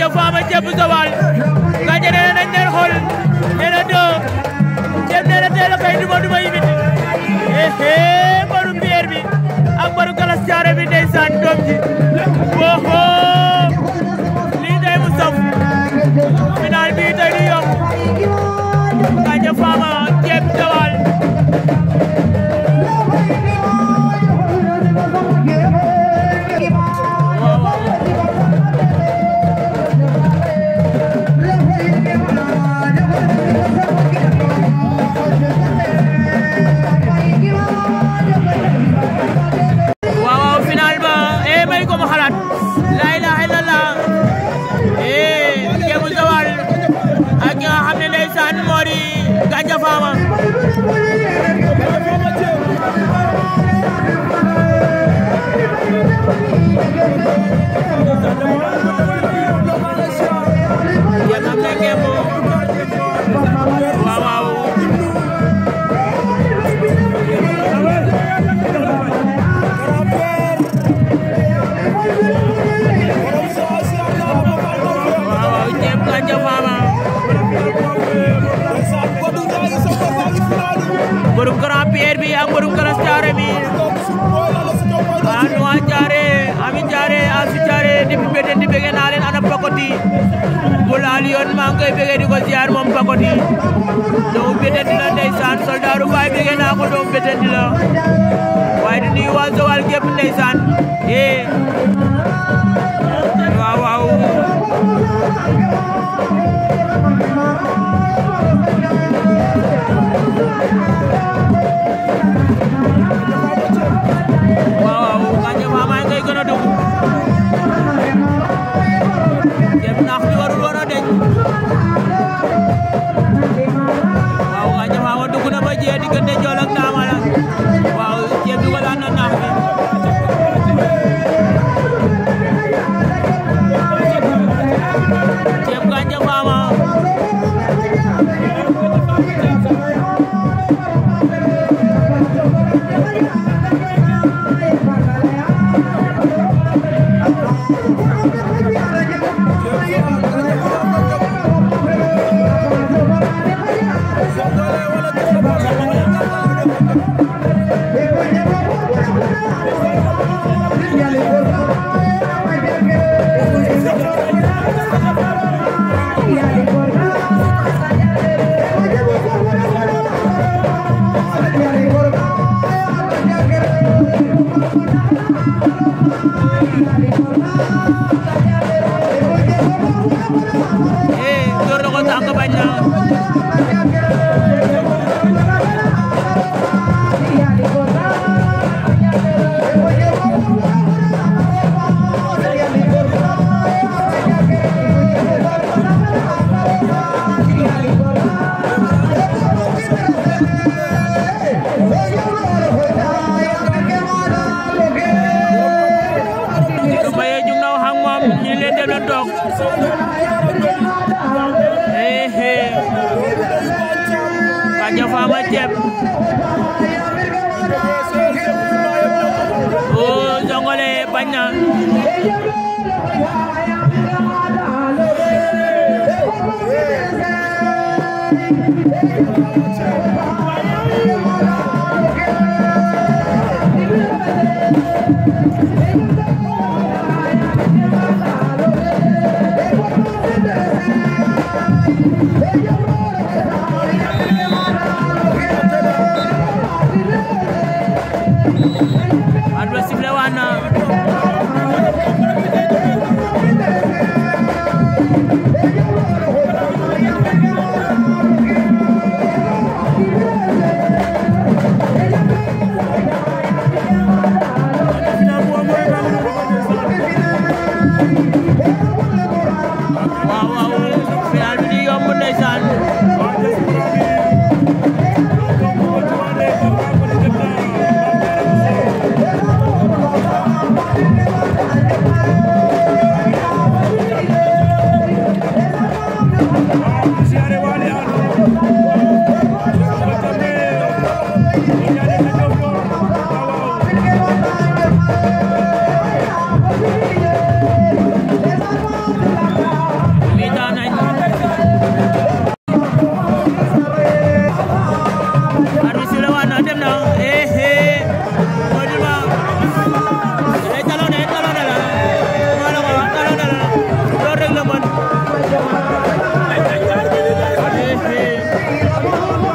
a Fama Thieb Joal Gandia nee na nañ leen xool doo Thieb nee na teel a koy duma duma yi mit eh eh mbaru pierre bi ak mbaru galas caare bi Murungkarastare bi anu ajare amin jare asijare di bede di bege na len ana pakoti bulal yon ma ngoy bege di ko ziar mom pakoti do bede di la ndaysan soldaru bay bege na ko do bede di la way di ni wa zawal gep ndaysan eh waaw waaw ¡Gracias! eh door na ko tànk bañ na la toog eehe Gandia Fama Thieb oo bañ na siyaare waale Thank you.